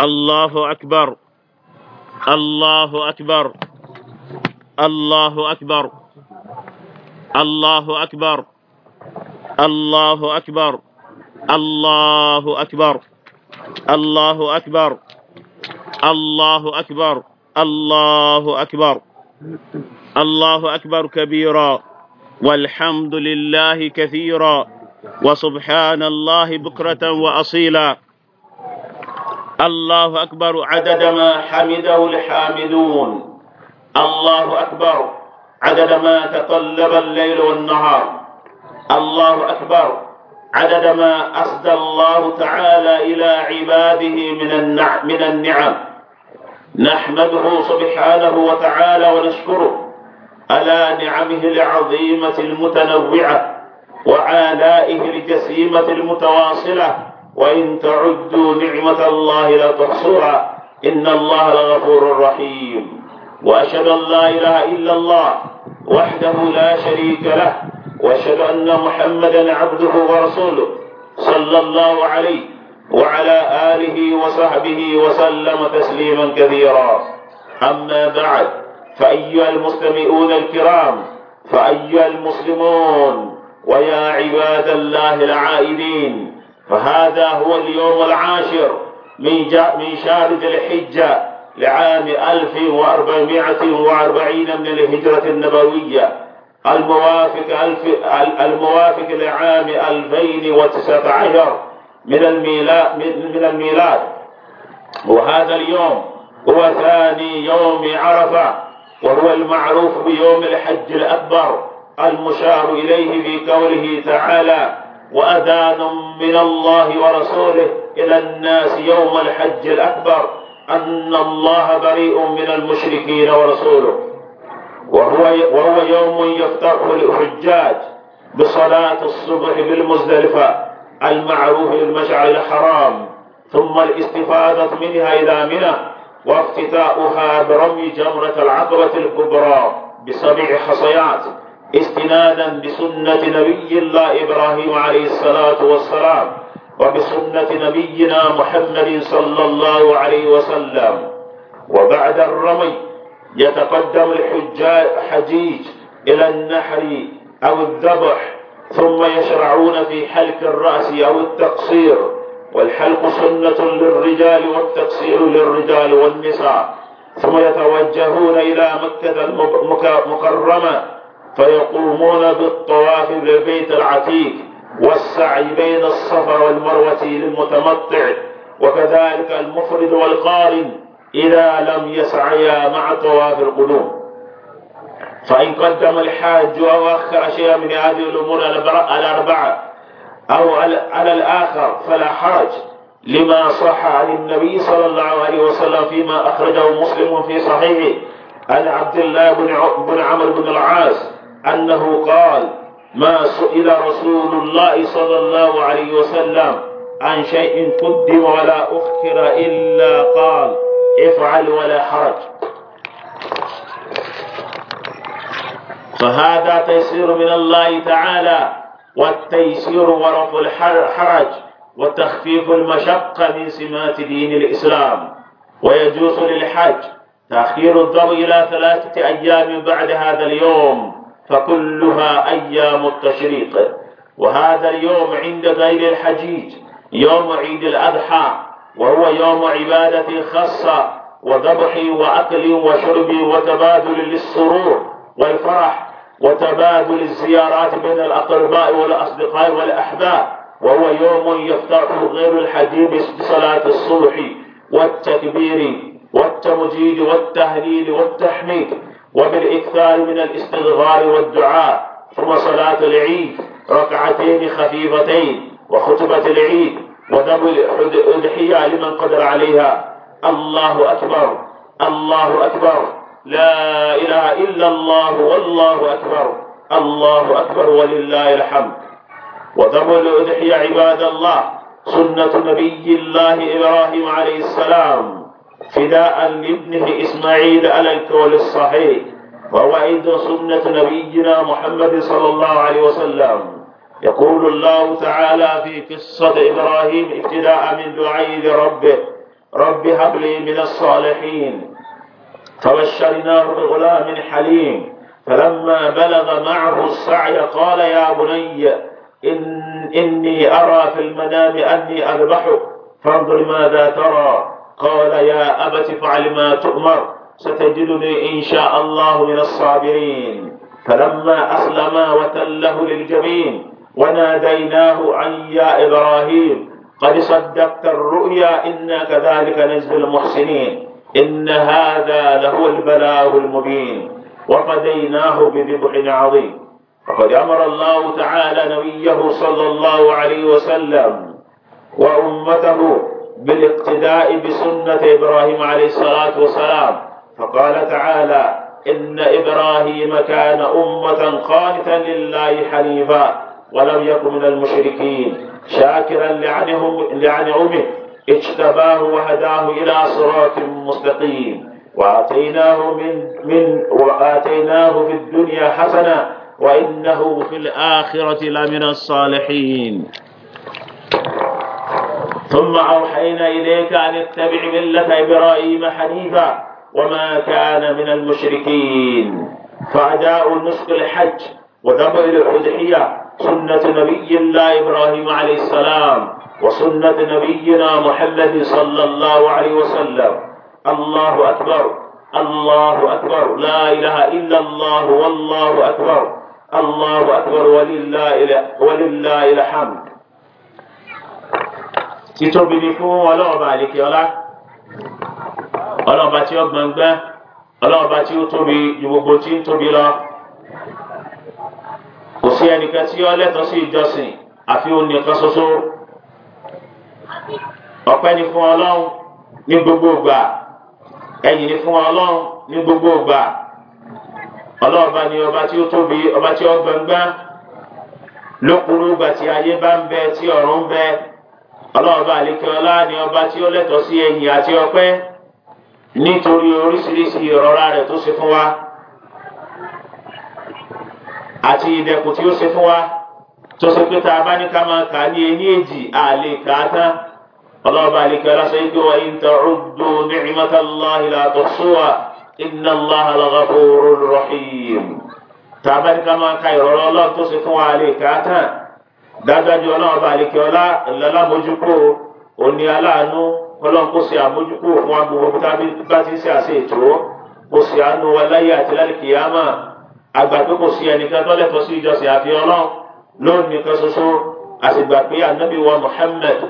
الله أكبر الله أكبر الله أكبر الله أكبر الله أكبر الله أكبر الله أكبر الله أكبر الله أكبر الله أكبر كبيرا والحمد لله كثيرا وسبحان الله بكرة وأصيلا الله أكبر عدد ما حمده الحامدون الله أكبر عدد ما تطلب الليل والنهار الله أكبر عدد ما أسدى الله تعالى إلى عباده من النعم, نحمده سبحانه وتعالى ونشكره على نعمه العظيمة المتنوعة وعلائه الجسيمة المتواصلة وإن تعدوا نعمة الله لا تحصوها إن الله لغفور رحيم وأشهد أن لا إله إلا الله وحده لا شريك له وأشهد أن محمدا عبده ورسوله صلى الله عليه وعلى آله وصحبه وسلم تسليما كثيرا أما بعد فأيها المستمعون الكرام فأيها المسلمون ويا عباد الله العائدين فهذا هو اليوم العاشر من من شهر ذي الحجة لعام 1440 من الهجرة النبوية الموافق الف الموافق لعام 2019 من الميلاد من الميلاد وهذا اليوم هو ثاني يوم عرفة وهو المعروف بيوم الحج الأكبر المشار إليه في قوله تعالى وأذان من الله ورسوله إلى الناس يوم الحج الأكبر أن الله بريء من المشركين ورسوله وهو, وهو يوم يفتح للحجاج بصلاة الصبح بالمزدلفة المعروف للمشعر الحرام ثم الاستفادة منها إلى منى وافتتاؤها برمي جمرة العقبة الكبرى بسبع حصيات استنادا بسنة نبي الله إبراهيم عليه الصلاة والسلام وبسنة نبينا محمد صلى الله عليه وسلم وبعد الرمي يتقدم الحجاج إلى النحر أو الذبح ثم يشرعون في حلق الرأس أو التقصير والحلق سنة للرجال والتقصير للرجال والنساء ثم يتوجهون إلى مكة المكرمة فيقومون بالطواف بالبيت العتيق والسعي بين الصفا والمروة للمتمطع وكذلك المفرد والقارن إذا لم يسعيا مع طواف القدوم فإن قدم الحاج أو أخر شيئا من هذه الأمور الأربعة أو على الآخر فلا حرج لما صح عن النبي صلى الله عليه وسلم فيما أخرجه مسلم في صحيحه عن عبد الله بن عمرو بن العاص أنه قال ما سئل رسول الله صلى الله عليه وسلم عن شيء قدم ولا أخر إلا قال افعل ولا حرج فهذا تيسير من الله تعالى والتيسير ورفع الحرج وتخفيف المشقة من سمات دين الإسلام ويجوز للحج تأخير الضوء إلى ثلاثة أيام بعد هذا اليوم فكلها أيام التشريق وهذا اليوم عند غير الحجيج يوم عيد الأضحى وهو يوم عبادة خاصة وذبح وأكلي وشربي وتبادل للسرور والفرح وتبادل الزيارات بين الأقرباء والأصدقاء والأحباب وهو يوم يفتح غير الحجيج بصلاة الصبح والتكبير والتمجيد والتهليل والتحميد وبالإكثار من الاستغفار والدعاء ثم صلاة العيد ركعتين خفيفتين وخطبة العيد ودم الأضحية لمن قدر عليها الله أكبر الله أكبر لا إله إلا الله والله أكبر الله أكبر ولله الحمد ودم الأضحية عباد الله سنة نبي الله إبراهيم عليه السلام فداء لابنه إسماعيل على القول الصحيح وهو أيضا سنة نبينا محمد صلى الله عليه وسلم يقول الله تعالى في قصة إبراهيم ابتداء من دعاء لربه رب هب لي من الصالحين فبشرناه بغلام حليم فلما بلغ معه السعي قال يا بني إن إني أرى في المنام أني أذبحك فانظر ماذا ترى قال يا أبت فعل ما تؤمر ستجدني إن شاء الله من الصابرين فلما أسلما وتله للجبين وناديناه عن يا إبراهيم قد صدقت الرؤيا إنا كذلك نجزي المحسنين إن هذا لهو البلاء المبين وفديناه بذبح عظيم وقد أمر الله تعالى نبيه صلى الله عليه وسلم وأمته بالاقتداء بسنة إبراهيم عليه الصلاة والسلام فقال تعالى إن إبراهيم كان أمة قانتا لله حنيفا ولم يكن من المشركين شاكرا لعنهم لعنعمه اجتباه وهداه إلى صراط مستقيم وآتيناه من من وآتيناه في الدنيا حسنة وإنه في الآخرة لمن الصالحين ثم أوحينا إليك أن اتبع ملة إبراهيم حنيفا وما كان من المشركين فأداء النسك الحج ودفع الأضحية سنة نبي الله إبراهيم عليه السلام وسنة نبينا محمد صلى الله عليه وسلم الله أكبر الله أكبر لا إله إلا الله والله أكبر الله أكبر ولله, ولله الحمد títóbi ni fún ọlọ́ọ̀ba àlekè ọlá ọlọ́ọ̀ba tí ó gbọ̀ngbẹ́ ọlọ́ọ̀ba tí ó tóbi ju gbogbo tí ń tóbi lọ kò sí ẹnìkan tí ó lẹ́tọ̀ọ́ sí ìjọsìn àfi òun nìkan ṣoṣo ọpẹ́ ni fún ọlọ́run ní gbogbo ìgbà ẹ̀yìn ni fún ọlọ́run ní gbogbo ìgbà ọlọ́ọ̀ba ni ọba tí ó tóbi ọba tí ó gbọ̀ngbẹ́ lókùnrin ìgbà tí ayé bá ń bẹ tí ọ̀run ń bẹ ọlọ́ọ̀bá àlékè ọlá ni ọba tí ó lẹ́tọ̀ọ́ sí ẹ̀yìn àti ọpẹ́ nítorí oríṣiríṣi ìrọ̀rá rẹ̀ tó ṣe fún wa àti ìdẹ̀kùn tí ó ṣe fún wa tó ṣe pé tá a bá ní ká máa kà ní ẹ̀yìn èjì àlè kà á tán ọlọ́ọ̀bá àlékè ọlá ṣe pé wa in ta'uddu ni'matallahi la tuhsuha inna Allaha laghafurur rahim tá a bá ní ká máa ka ìrọ̀rá ọlọ́run tó ṣe fún wa àlè kà dájúdájú ọlọ́run bá àlekè ọlá ẹ̀lẹ́lámójúkó òní aláàánú ọlọ́run kò sí àmójúkó fún wa gbogbo bá ti ń ṣe àṣẹ ètò kò sí àánú wa láyé àti lálùkìyámà àgbà pé kò sí ẹnìkan tó lẹ́tọ̀ọ́ sí ìjọsìn àfi ọlọ́run lónìí nìkan ṣoṣo àtìgbà pé ànábì wa Muhammad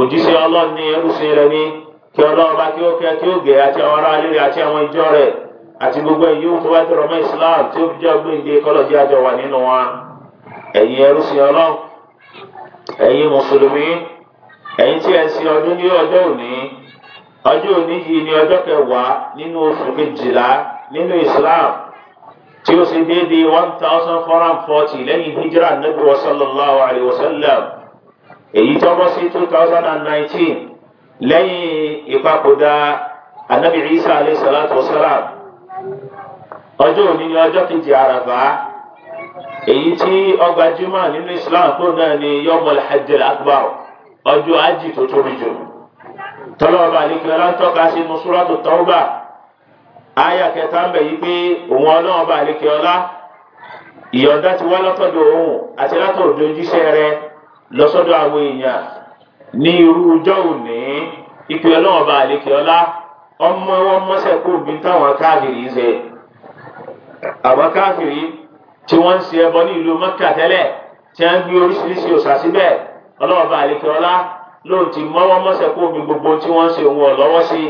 òjíṣẹ́ ọlọ́run ní ẹrúṣin rẹ̀ ní kí ọlọ́run bá kí ó kẹ́ kí ó gẹ̀ àti àwọn ará ilé àti àwọn ìjọ rẹ̀ àti gbogbo èyí tó wá dọ̀rọ̀ mọ́ Islam tí ó jẹ́ ọgbẹ́ ìdè kọ́lọ̀jì àjọ wà nínú wa ẹ̀yin ẹrúṣin ọlọ́run ẹ̀yin mùsùlùmí ẹ̀yin tí ẹ sin ọdún ní ọjọ́ òní ọjọ́ òní yìí ní ọjọ́ kẹwàá nínú oṣù kejìlá nínú islam tí ó ṣe déédéé one thousand four hundred forty lẹ́yìn hijrah nabi wa sallallahu alayhi wa sallam èyí tó bọ́ sí two thousand and nineteen lẹ́yìn ìpapòdà anabi isa alayhi salatu wa salam ọjọ́ òní ní ọjọ́ kejì àràbà èyí tí ọgbà jimá nínú islam tó náà ni yọmọl hajjil akbar ọjọ́ ajì tó tóbi jù tọlọba àlekè ọlọ́ntọ́ka sí nusuratu tọ́ba àyà kẹta ń bẹ̀ yí pé òun ọlọ́ọba àlekè ọlá ìyọ̀ǹda ti wá lọ́tọ̀dọ̀ òun àti látọ̀dọ̀ ojúṣe rẹ̀ lọ́sọ́dọ̀ àwọn èèyàn ní irú ọjọ́ òní ìpè ọlọ́ọba àlekè ọmọ wọn mọ́sẹ̀ obìnrin táwọn káàkiri ń ṣe àwọn káàkiri tí wọ́n ń ṣe ẹbọ ní ìlú Mẹ́kà tẹ́lẹ̀ tí wọ́n ń gbé oríṣiríṣi òòṣà síbẹ̀ ọlọ́ọ̀bá àlekẹ́ọ́lá lóun ti mọ́wọ́ mọ́sẹ̀ kó omi gbogbo tí wọ́n ń ṣe òun ọ̀lọ́wọ́ sí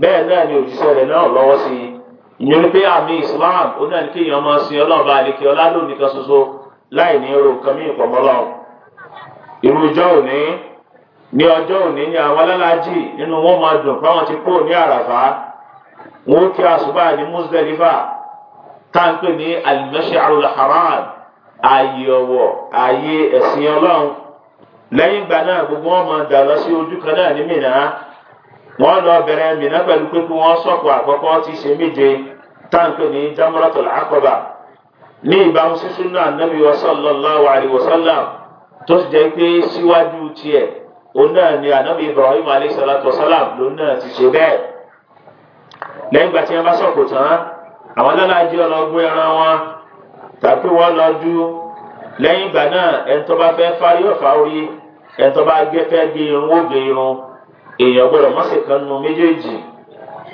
bẹ́ẹ̀ náà ni òjíṣẹ́ rẹ̀ náà lọ́wọ́ sí i ìyẹn pé àmì Islam ó náà ní kéèyàn máa sin ọlọ́ọ̀bá àlekẹ́ọ́lá lónìí kan ṣoṣo láì ní ro nǹkan mí ìpọ̀mọ́lọ́ irú ọjọ́ òní ní ọjọ́ òní ni àwọn alálàájì nínú wọn máa dùn fáwọn ti kúrò ní Àràfá wọn ó kí àsùbà ní Muzdalifa táǹpé ní al-mash'arul haram ààyè ọ̀wọ̀ ààyè ẹ̀sìn ọlọ́run lẹ́yìn ìgbà náà gbogbo wọn máa dà lọ sí ojú kan náà ní mìíràn wọn lọ bẹ̀rẹ̀ mìíràn pẹ̀lú pé kí wọ́n sọ̀kọ̀ àkọ́kọ́ ti ṣe méje táǹpé ní jamratul aqaba ní ìbámu sí sunnah Ànábì wa sallallahu alayhi wa sallam tó sì jẹ́ pé síwájú tiẹ̀ òun náà ni Ànábì Ibrahim alayhi salatu wa salam lòun náà ti ṣe bẹ́ẹ̀ lẹ́yìn ìgbà tí bá sọ̀kọ̀ tán àwọn lálàájì ọlọ́gbọ́ ẹran wọn tàbí wọn lọ dú lẹ́yìn ìgbà náà ẹni tó bá fẹ́ fá yóò fá orí ẹni tó bá gé fẹ́ gé irun ó gé irun èèyàn gbọ́dọ̀ mọ́sì kan nu méjèèjì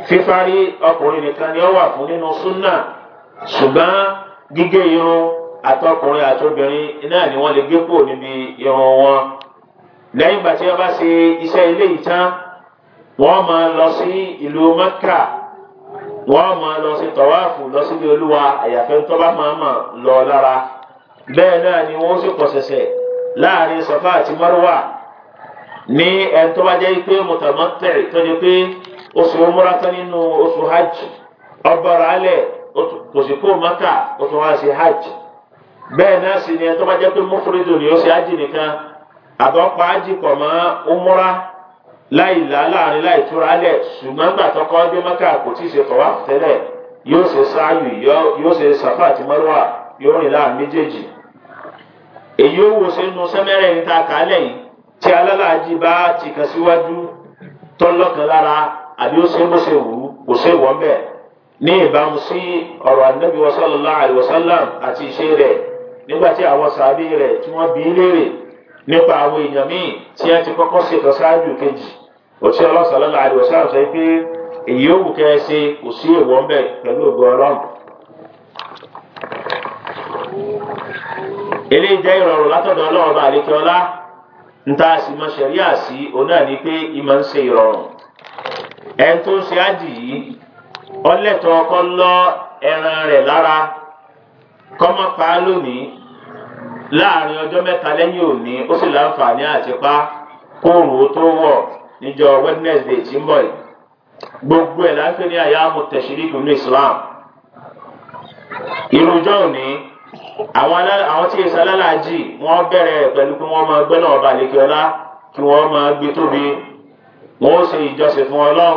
fífárí ọkùnrin nìkan ni ó wà fún nínú súnà ṣùgbọ́n gígé irun àtọkùnrin àtobìnrin náà ni wọ́n lè gé kúrò níbi irun wọn lẹ́yìn ìgbà tí wọ́n bá ṣe iṣẹ́ ilé yìí wọ́n máa lọ sí ìlú Mẹ́kà wọ́n máa lọ sí tọ́wáàfù lọ sílé olúwa àyàfẹ́ ńtọ́lá máa mà lọ lára bẹ́ẹ̀ náà ni wọ́n sì pọ̀sẹ̀sẹ̀ láàrin sọ́fà àti márùwà ní ẹni tó bá jẹ́ pé mọ̀tàmọ́tẹ̀ tó jẹ́ pé oṣù múratán nínú oṣù hajj ọbọ̀rọ̀ alẹ̀ kò sì kó maka oṣù wa sí hajj bẹ́ẹ̀ náà sì ni ẹni tó bá jẹ́ pé mufuridu ni ó sì hajj nìkan àbọ̀pá hajj mọ́ umura láì là láàrin láì túra lẹ̀ ṣùgbọ́n gbà tó kọ́ dé mọ́kà kò tí ì ṣe tọ́wá tẹ́lẹ̀ yóò ṣe sáàyù yóò ṣe sàfà àti mọ́rùwà yóò rìn láàrin méjèèjì. èyí ó wo sínú sẹ́mẹ́rẹ́ ní ta kálẹ̀ yìí tí alálàájì bá ti kàn síwájú tọ́lọ́kan lára àbí ó ṣe bó ṣe wù ú kò ṣe wọ́n bẹ̀. ní ìbámu sí ọ̀rọ̀ ànábì sallallahu alaihi àti ìṣe rẹ̀ nígbà tí àwọn sàbí rẹ̀ tí wọ́n bí léèrè nípa àwọn èèyàn míì tí ẹ ti kọ́kọ́ ṣètò ṣáájú kejì òsì ọlọ́sàlọ́lá àdìwọ̀sán sọ pé èyí ó wù kẹ́ ẹ ṣe kò sí èèwọ̀ ńbẹ pẹ̀lú ògo ọlọ́run. eléyìí jẹ́ ìrọ̀rùn látọ̀dọ̀ ọlọ́run bá àlékè ọlá níta sì mọ ṣẹ̀ríà sí òun náà ni pé ìmọ̀ ń ṣe ìrọ̀rùn. ẹni tó ń ṣe ájì yìí ọlẹ́tọ̀ ọkọ lọ ẹran rẹ̀ lára kọ́mọ́pá lónìí láàrin ọjọ́ mẹ́ta lẹ́yìn òní ó sì láǹfààní àti pa kóòrùn ó tó wọ̀ níjọ́ wednesday tí ń bọ̀ yìí gbogbo ẹ̀ láńpẹ ní àyàmú tẹsíríkù ní islam ìrùjọ òní àwọn àwọn tí èsì alálàájì wọ́n bẹ̀rẹ̀ pẹ̀lú pé wọ́n máa gbẹ náà balẹkẹ ọlá kí wọ́n máa gbé tóbi wọ́n ó ṣe ìjọsìn fún Ọlọ́run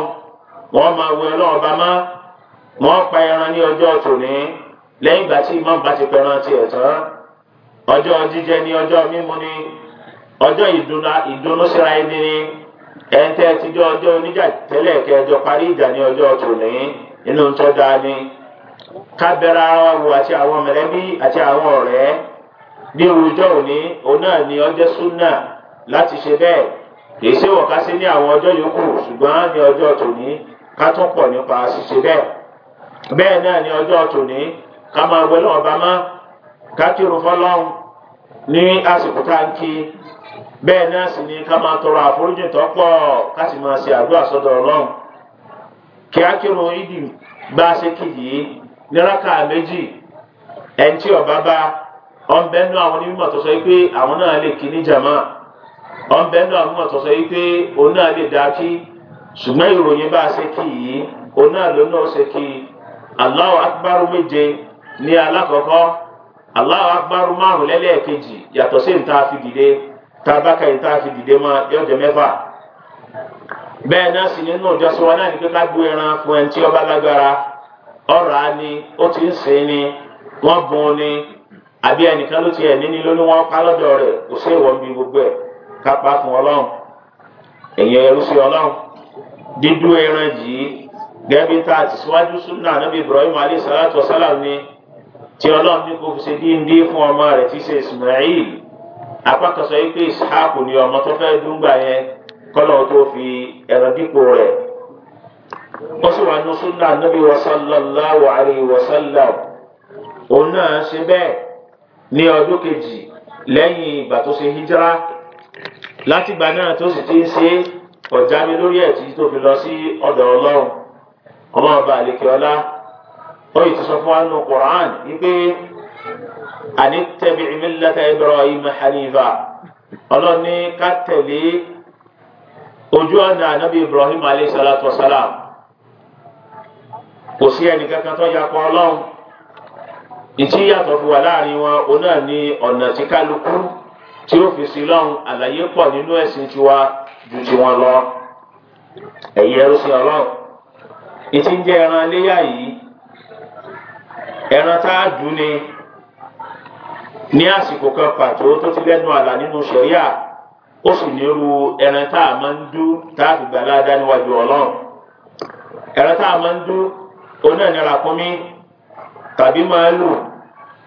wọ́n máa wọ Ọlọ́run ọba má wọ́n pa ẹran ní ọjọ́ tòní lẹ́yìn ìgbà tí imam bá ti pẹran tiẹ̀ tán ọjọ́ jíjẹ ni ọjọ́ mímu ni ọjọ́ ìdùnnú síra ẹni ni ẹ̀ńtẹ́ ti jọ ọjọ́ oníjà tẹ́lẹ̀ kẹjọ parí ìjà ní ọjọ́ tòní nínú tó ni kábẹ́rẹ́ ara wa wo àti àwọn mẹ̀lẹ́bí àti àwọn ọ̀rẹ́ ní òwúrọ̀ òní òun náà ni ọjọ́ súnà láti ṣe bẹ́ẹ̀ kìí ṣe wọ̀ká sí ní àwọn ọjọ́ yòókù ṣùgbọ́n ní ọjọ́ tòní ká tún pọ̀ nípa ṣíṣe bẹ́ẹ̀ bẹ́ẹ̀ náà ní ọjọ́ tòní ká máa gbẹ́ lọ́wọ́ bá ká kírun fọ́lọ́hún ní àsìkò tá à ń kí bẹ́ẹ̀ náà sì ni ká máa tọrọ àforíjì tó pọ̀ ká sì máa ṣe àdúrà sọ́dọ̀ ọlọ́run kí á kírun ìdì bá a ṣe kìyì níraka méjì ẹni tí ọba bá ọ̀nbẹ́nu àwọn onímọ̀ tó sọ pé àwọn náà lè kí ní jàmá àwọn onímọ̀ tó sọ òun náà lè dá bá a ṣe òun náà ṣe kí Allahu akbar márùn lẹ́lẹ́ẹ̀kejì yàtọ̀ sí nta fi dìde tabaka nta fi dìde máa yọjọ mẹ́fà bẹ́ẹ̀ náà sì nínú ìjọsìn wa náà ní pé ká gbó ẹran fún ẹni tí ọba lágbára ọ̀rọ̀ á ní ó ti ń sìn ní wọ́n bùn ní àbí ẹnìkan ló ti ẹ̀ níní ló ní wọ́n pa lọ́dọ̀ rẹ̀ kò sí ìwọ̀n bí gbogbo e. ká pa fún ọlọ́run ẹ̀yìn ẹrú sí ọlọ́run dídú ẹran yìí gẹ́gẹ́ bí tá ti síwájú súnà Ànábì Ibrahim alayhi salatu wa ni. tí ọlọ́run ní kò fi ṣe díndín fún ọmọ rẹ̀ tí ṣe Ismail apákan sọ pé Ishaq ni ọmọ tó fẹ́ dúngbà yẹn kọ́lọ̀ tó fi ẹ̀rọ dípò rẹ̀ ó sì wà ní súnà níbi sallallahu alaihi wasallam òun náà ṣe bẹ́ẹ̀ ní ọdún kejì lẹ́yìn ìgbà tó ṣe hijira látìgbà náà tó sì ti ń ṣe ọ̀já lórí ẹ̀ tí tó fi lọ sí ọ̀dọ̀ ọlọ́run ọmọ ọba àlekè ọlá tó ìtọ́sọ fún wa nù Qur'an wípé àní tẹ̀bi millata Ibrahim hanifa ọlọ́ni ká tẹ̀lé ojú ọ̀nà ànábì Ibrahim alayhi salatu wa salam kò sí ẹnì kankan tó yà pọ̀ ọlọ́run ìtí yàtọ̀ fún wa láàrin wọn òun náà ni ọ̀nà tí kálukú tí ó fi sí lọ́run àlàyé pọ̀ nínú ẹ̀sìn tiwa ju tiwọn lọ ẹ̀yẹ sí ọlọ́run ìtí ń jẹ́ ẹran iléyà yìí ẹran tá a dùn ni ní àsìkò kan pàtó tó ti lẹ́nu àlà nínú sẹ̀ríà ó sì nírú ẹran tá a máa ń dún tá a fi gbà ládàá níwájú ọlọ́run ẹran tá a máa ń dún òun náà ní ràkúnmí tàbí màálù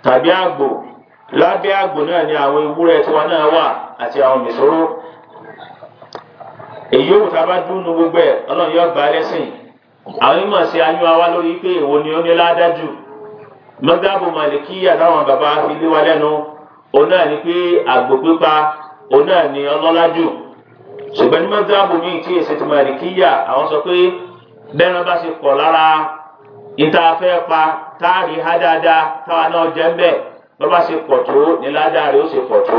tàbí àgbò lábẹ́ àgbò náà ni àwọn ewúrẹ́ tiwa náà wà àti àwọn mìsòrò èyí òwò tá a bá gbogbo ẹ̀ ọlọ́run yóò gbà á lẹ́sìn àwọn onímọ̀ sí ayún wa lórí pé èwo ni ó ní ládájú mọ́gàbù màlìkíyà táwọn bàbá fi lé wa lẹ́nu òun náà ni pé àgbò pípa òun náà ni ọlọ́lájú ṣùgbọ́n ní mọ́gàbù míì tí èsì ti màlìkíyà àwọn sọ pé bẹ́ẹ̀ náà bá ṣe pọ̀ lára ìta fẹ́ pa táàrí há dáadáa táwa náà jẹ́ ń bẹ̀ bá bá ṣe pọ̀ tó ní ládàá ó ṣe pọ̀ tó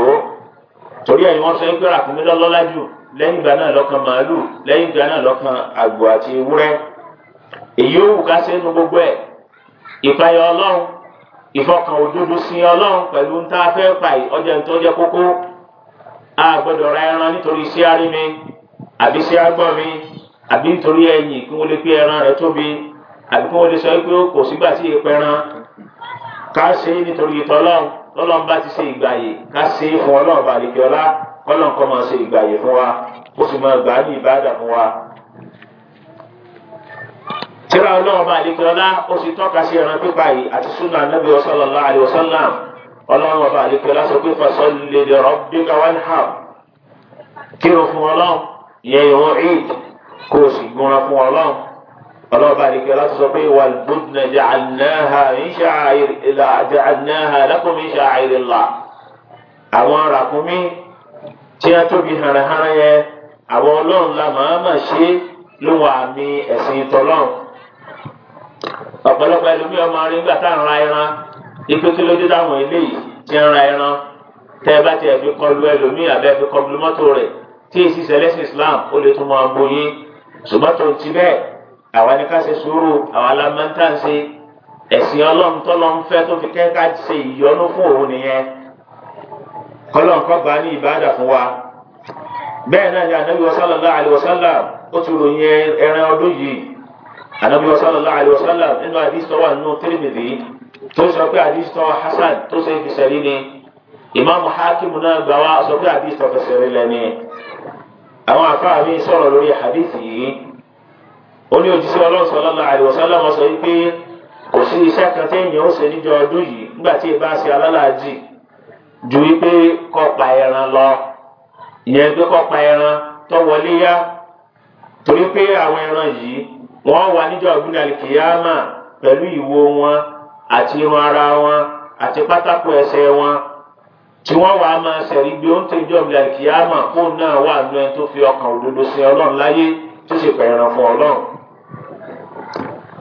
torí ẹ̀yin wọ́n sọ pé ràkúnmí lọ́lọ́lájú lẹ́yìn ìgbà náà lọ́kàn màálù lẹ́yìn ìgbà náà lọ́kàn àgbò àti ewúrẹ́ èyí ó wù ká sẹ́nu gbogbo ẹ̀ ìpayọ̀ ọlọ́run ìfọkàn òdodo sin ọlọ́run pẹ̀lú ń tá a fẹ́ pa ọjà ń tọ́jẹ́ kókó a gbọ́dọ̀ ra ẹran nítorí iṣẹ́ arí mi àbí iṣẹ́ agbọ́n mi àbí nítorí ẹyìn kí wọ́n lè pé ẹran rẹ̀ tóbi àbí kí wọ́n lè sọ pé kò sígbà tí èèpẹ̀ ran ká ṣe é nítorí ìtọ́lọ́run lọ́lọ́run bá ti ṣe ìgbàyè ká ṣe é fún ọlọ́run bàlẹ́kẹ́ ọlá kọ́lọ́n kọ́ máa ṣe ìgbàyè fún wa ó sì máa gbà ní ìbáàdà fún wa tíra ọlọ́ọ̀ba àlekèọlá ó sì tọ́ka sí ẹran pípa yìí àti súnà anábì sallallahu alaihi wasallam ọlọ́run ọba àlekèọlá sọ pé fasalli li rabbika wanhar kírun fún ọlọ́run ìyẹn ìwọ̀n eid kó o sì gbọ́nra fún ọlọ́run ọlọ́ọ̀ba àlekèọlá sọ pé wal budna ja'alnaha min sha'air ja'alnaha lakum min sha'airillah àwọn ràkúnmí tí a tóbi hànàhànà yẹn àwọn ọlọ́run ọ̀pọ̀lọpọ̀ ẹlòmíì ọmọ rí nígbà tá à ń ra ẹran ipe kí ló dé táwọn eléyìí ti ń ra ẹran tẹ ẹ bá ti ẹ̀ fi kọlu ẹlòmíì àbẹ́ fi kọlu mọ́tò rẹ̀ tí èsì sẹlẹ́sì Islam ó lè tún máa bóyin ṣùgbọ́n tó ti bẹ́ẹ̀ àwa ni ká ṣe sùúrù àwa la máa ń tà ń ṣe ẹ̀sìn ọlọ́run tọ́lọ́run fẹ́ tó fi kẹ́ka ṣe ìyọnu fún òun nìyẹn kọ́lọ́n kọ́ bá ní ìbáàdà fún wa bẹ́ẹ̀ náà ni Ànábì sallallahu alaihi ó ti ròyìn ẹran ọdún yìí anabi sallallahu alayhi wa sallam nínú hadith tó wà nínú Tirmidhi tó sọ pé hadith tó hasan tó ṣe fi sẹ́rí ni ìmáàmù hakimu náà gbà wá sọ pé hadith tó fẹsẹ̀ rí lẹ́ni àwọn àfáà mi sọ̀rọ̀ lórí hadith yìí ó ní òjíṣẹ́ ọlọ́run sallallahu alayhi wa sallam sọ pé kò sí iṣẹ́ kan téèyàn ó ṣe níjọ ọdún wọ́n wà níjọ́ àgbúlẹ̀ àlìkìyàmà pẹ̀lú ìwo wọn àti irun ara wọn àti pátákó ẹsẹ̀ wọn tí wọ́n wàá máa sẹ̀rí gbé ó ń tẹ ìjọ́ àgbúlẹ̀ àlìkìyàmà fóun náà wà nù ẹni tó fi ọkàn òdodo sí láyé tó sì fún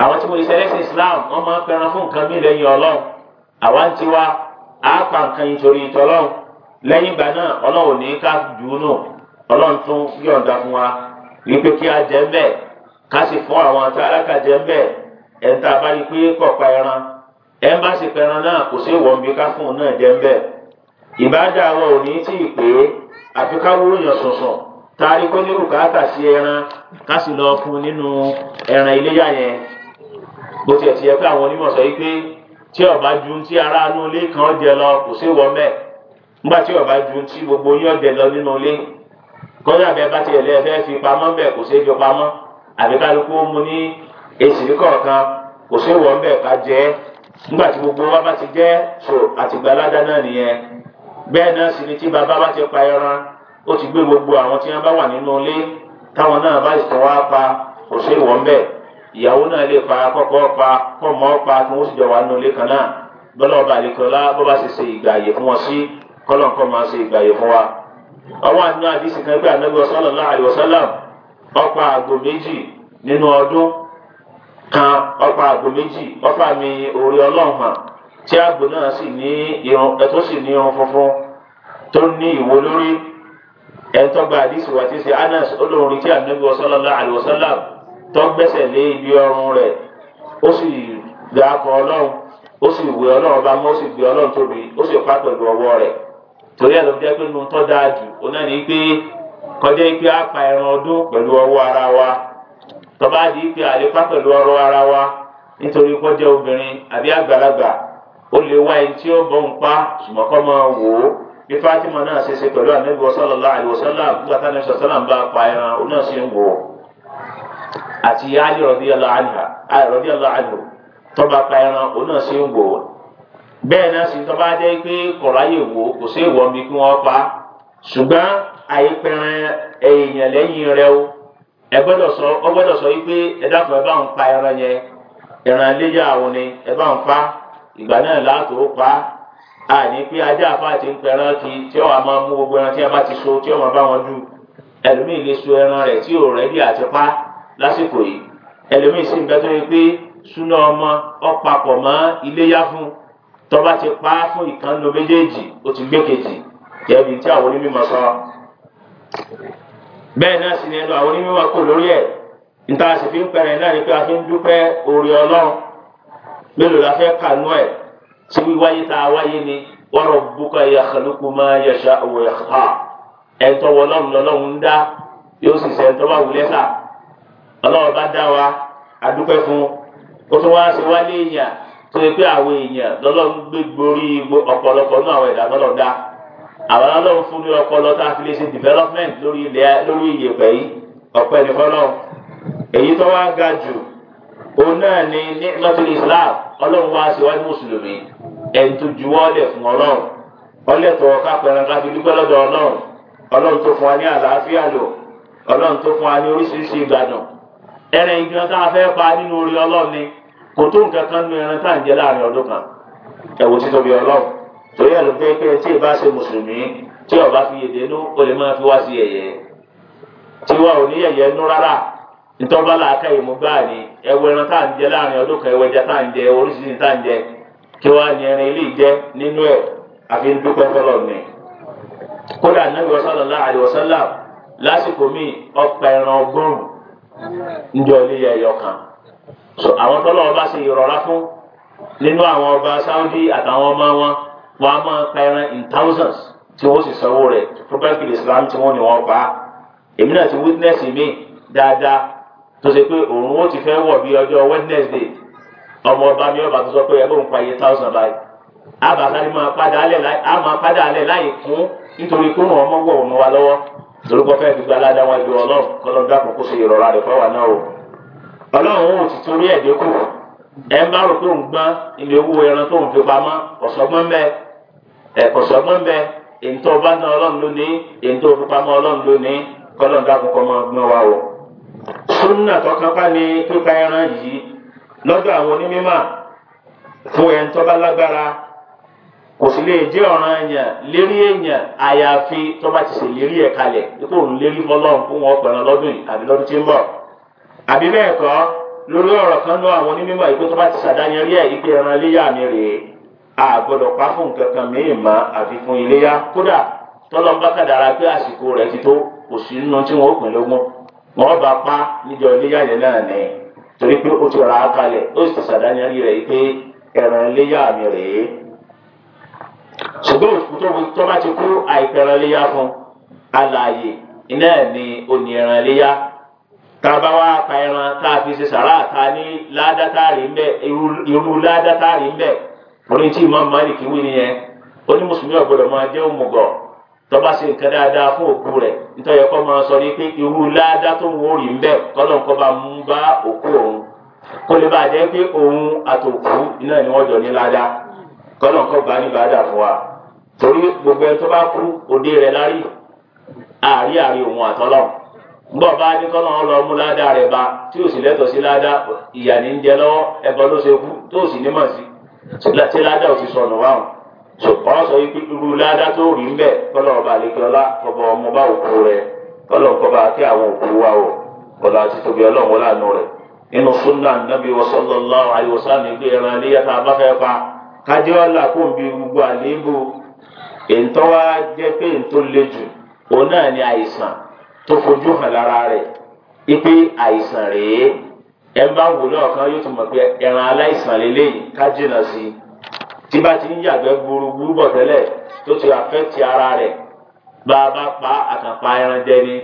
àwọn tí mo ṣe Islam máa fún nǹkan àwa ń pa nǹkan yìí torí ìgbà náà ò ní ká fún wa wípé kí a ká fún àwọn tálákà jẹ ńbẹ ẹni tá a bá rí i pé kọ̀ọ̀pá ẹran ẹni bá sì pẹran náà kò sí ìwọ̀n bí ká fún un náà jẹ ńbẹ ìbáàdà àwọn ò ní tí ì pé àfi ká wúrò yàn sọ̀sọ̀ taari kó ní bùkátà sí ẹran ká sì lọ fún un nínú ẹran iléyà yẹn bó tiẹ̀ tiẹ̀ pé àwọn onímọ̀ sọ yìí pé tí ọba ju ti ara inú ilé kan jẹ lọ kò sí ìwọ̀n bẹ́ẹ̀ nígbà tí ọba ju ti gbogbo yín ọ̀jẹ̀ lọ nínú ilé kọ́jà bẹ́ẹ̀ bá tiẹ̀ lẹ́ẹ̀ fẹ́ fi pamọ́ bẹ́ẹ̀ kò sí ìjọ pamọ́ àbíkálukú mu ní èsì ní kọ̀ọ̀kan kò sí ìwọ̀n bẹ́ẹ̀ ká jẹ́ nígbà tí gbogbo wa bá ti jẹ́ so àtìgbàládá náà nìyẹn bẹ́ẹ̀ náà sì ni tí bàbá bá ti pa ẹran ó ti gbé gbogbo àwọn tí wọ́n bá wà nínú ilé táwọn náà bá sì tọ́ wá pa kò sí ìwọ̀n bẹ́ẹ̀ ìyàwó náà lè pa kọ́kọ́ pa kọ́mọ́ pa kí wọ́n sì jọ wà nínú ilé kan náà bọ́lá ọba àlekọ́lá bó bá ṣe ṣe ìgbààyè fún wọn sí kọ́lọ́ǹkọ́ máa ṣe ìgbààyè fún wa. ọwọ́ àdúrà àdìsí kan pé ànágbé sallallahu alaihi wasallam ọ̀pá àgbò méjì nínú ọdún kan ọ̀pá àgbò méjì ọ̀pá mi orí ọlọ́run hàn tí àgbò náà sì ní irun ẹ̀tọ́ sì ní irun funfun tó ní ìwo lórí ẹ̀ńtọ́gba àdìsí wa ti ṣe Anas olórin tí ànábi sallallahu alaihi wasallam tó gbẹ́sẹ̀ lé ibi ọrùn rẹ̀ ó sì gbà kọ ọlọ́run ó sì wé ọlọ́run bá mọ́ ó sì gbé ọlọ́run tóbi ó sì pa pẹ̀lú ọwọ́ rẹ̀ torí ẹ̀ ló jẹ́ pé nu tó dáa jù ó náà ní pé kọjá ipe apá ẹran ọdún pẹ̀lú ọwọ́ ara wa tọ́ba di ipe àlepa pẹ̀lú ọwọ́ ara wa nítorí kọjá obìnrin àbí àgbàlagbà ó lè wá ẹni tí ó bọ̀ ń pa ṣùgbọ́n kọ́ máa wò ó bí Fatima náà ṣe ṣe pẹ̀lú Ànábì sallallahu alaihi wasallam nígbà táwọn ẹ̀ṣọ́ sọ́lá ń bá apá ẹran ó náà ṣe ń wò ó àti Ali radiyallahu anhu tọ́ba apá ẹran ó náà ṣe ń wò ó bẹ́ẹ̀ náà sì tọ́ba jẹ́ pé kọ̀ráyè wò ó kò sí ìwọ́n mi kí wọ́n pa á ṣùgbọ́n àìpẹ̀rẹ̀ èèyàn lẹ́yìn rẹ o ẹ gbọ́dọ̀ sọ ọ gbọ́dọ̀ sọ wípé ẹ dákun ẹ bá ń pa ẹran yẹn ẹran léyà àwọn ni ẹ bá ń pa ìgbà náà láàtò ó pa á ní pé ajá àfa ti ń pẹran kí tí ọ máa mú gbogbo ẹran tí a bá ti so tí ọ máa bá wọn dù ẹlòmíì lè so ẹran rẹ tí ò rẹ́dí àti pa lásìkò yìí ẹlòmíì sì ń bẹ tó yẹ pé súná ọmọ ọ papọ̀ mọ́ iléyà fún tọ́ba ti pa á fún ìkànnì méjèèjì ó ti gbé kejì gẹ́gẹ́ bí tí àwọn onímọ̀ sọ bẹ́ẹ̀ náà sì ni ẹnu àwọn onímọ̀ kò lórí ẹ̀ níta sì fi ń pẹ̀rẹ̀ náà ni pé a fi ń dúpẹ́ orí ọlọ́run mélòó la fẹ́ kànú ẹ̀ tí wíwáyé tá a wáyé ni wa rabbuka yakhluqu ma yasha'u wa yakhtar ẹ̀ńtọ́ wọlọ́run lọ́lọ́run ń dá yóò sì ṣe ẹ̀ńtọ́ bá wulẹ̀ sà ọlọ́run bá dá wa àdúpẹ́ fún ó tún wá ṣe wálé èèyàn tó yẹ pé àwọn èèyàn lọ́lọ́run gbé ọ̀pọ̀lọpọ̀ náà àwọn ẹ̀dá lọ́lọ́ dá àwọn ọlọ́run fún ní ọpọlọ tá a fi lè ṣe development lórí ilẹ̀ lórí ìyẹ̀pẹ̀ yìí ọ̀pẹ ní fọlọ́ èyí tó wá ga jù òun náà ni ní lọ́tún Islam ọlọ́run wá sí wájú mùsùlùmí ẹni tó juwọ́ ọ̀lẹ̀ fún ọlọ́run ọlẹ́tọ̀ ọ̀ká pẹ̀lú ká fi dúpẹ́ lọ́dọ̀ ọlọ́run ọlọ́run tó fún wa ní àlàáfíà lò ọlọ́run tó fún wa ní oríṣiríṣi ìgbàdàn ẹran igi wọn tá a fẹ́ pa nínú orí ọlọ́run ni kò tó nǹkan kan nínú ẹran tá à ń jẹ láàrin ọdún kan ẹ̀wò títóbi ọlọ́run torí ẹ̀ ló jẹ́ tí ì bá ṣe mùsùlùmí tí ọba fi yèdè nú o lè máa fi wá sí ẹ̀yẹ tí wọn ò ní ẹ̀yẹ nú rárá ntọ́ba làákà yìí mo ní ẹwọ ẹran láàrin ọdún kan ẹwọ ẹja tá à ń jẹ oríṣiríṣi tá à ń jẹ kí ní ẹran ilé ìjẹ nínú àfi ń dúpẹ́ fọlọ́ kódà ẹran ọgọ́rùn-ún níjọ ilé ẹyọ kan. ọba ṣe ìrọ̀rá fún nínú àwọn ọba Saudi àtàwọn ọmọ wọn wọn a máa pa ẹran in thousands tí wọ́n sì sanwó rẹ̀ program kìlì islam tí wọ́n ní wọ́n pa èmi náà ti witness mi dáadáa tó ṣe pé òun ó ti fẹ́ wọ̀ bí ọjọ́ wednesday ọmọ ọba mi ọba tó sọ pé ẹgbẹ́ òun pa iye thousand báyìí abàtàlí máa padà alẹ́ láì á máa padà alẹ́ láì kún nítorí pé wọn ọmọ wọ̀ ọmọ wa lọ́wọ́ lórúkọ fẹ́ẹ́ fi gba aládá wọn ju ọlọ́run kọ́lọ́n dàpọ̀ kó ṣe ìrọ̀rọ̀ rẹ̀ fáwọn náà o ọlọ́run ò ti torí ẹ̀ dínkù ẹ̀ ń bá rò pé òun gbọ́n ilé owó ẹran tó ń fi pamọ́ ọ̀sọ́gbọ́n mẹ́ẹ̀ ẹ̀kọ́sọ́gbọ́n bẹ èntò ọba náà ọlọ́run lónìí èntò òfipamọ́ ọlọ́run lónìí kọ́lọ́n dákúnkọ́ máa gbọ́n wa wọ̀. ni pípa ẹran yìí lọ́dọ̀ àwọn onímọ̀ fún ẹ̀ ń lágbára kò sì lè jẹ́ ọ̀ràn èèyàn lérí èèyàn àyàfi ti ṣe lérí kan àwọn onímọ̀ ti ẹ̀ àgbọ̀dọ̀ pa fún nǹkan kan mìíràn mọ́ àfi fún iléyà kódà tọ́lọ́mbà kàdàrà pé àsìkò rẹ̀ ti tó kò sí nínú tí wọ́n pè lógún wọ́n bá pa níjọ iléyà yẹn náà ní torí pé ó ti rà á kalẹ̀ ó sì sàdáyárí rẹ̀ pé ẹ̀ràn iléyà mi rèé ṣùgbọ́n òkú tó bá ti kú àìpẹ̀ràn iléyà fún alààyè iná ẹ̀ ni òní ẹ̀ràn iléyà tàbá wa pa ẹran tá a fi ṣe sàrà ta ní ládàtà rí ń bẹ irú ládàtà rí ń bẹ oní tí Imam Malik wí nìyẹn ó ní mùsùlùmí ọ̀gbọ́dọ̀ máa jẹ́ òmùgọ̀ tó bá ṣe nǹkan dáadáa fún òkú rẹ̀ nítorí ẹ̀kọ́ máa sọ ní pé irú ládá tó ń wórì ń bẹ̀ kọ́lọ̀ nǹkan bá mú bá òkú òun kó lè bá jẹ́ pé òun àtòkú iná ni wọ́n jọ ní ládá kọ́lọ̀ nǹkan bá ní bàdà fún wa torí gbogbo ẹni tó bá kú òde rẹ̀ lárí àárí àárí òun àtọ́lọ̀ gbọ́ bá ní kọ́lọ̀ ń lọ mú ládá rẹ̀ bá tí ò sì lẹ́tọ̀ọ́ sí ládá ìyà ní ń jẹ lọ́wọ́ ẹ̀bọ ló ṣe kú tó sì ní mọ̀ sí tí ládà ò ti sọnù wá o ṣùgbọ́n sọ yìí irú ládà tó rí ń ọba kọba ọmọ bá òkú rẹ kọ́lọ̀ kọba kí àwọn òkú wa o kọ́lọ̀ àti tóbi ọlọ́run rẹ nínú súnà nàbí ẹran yàtọ̀ kájọ́ ọ̀là kó gbogbo àléébù jẹ́ pé le jù òun náà ipe àìsàn rèé ẹ bá wò lọ́ọ̀kan yóò tún mọ̀ pé ẹran aláìsàn lélẹ́yìn ká jìnnà sí i tí bá ti ń yàgbẹ́ gburugburu bọ̀ tẹ́lẹ̀ tó ti àfẹ́tì ara rẹ̀ bá a bá pa àkànpá ẹran jẹ ni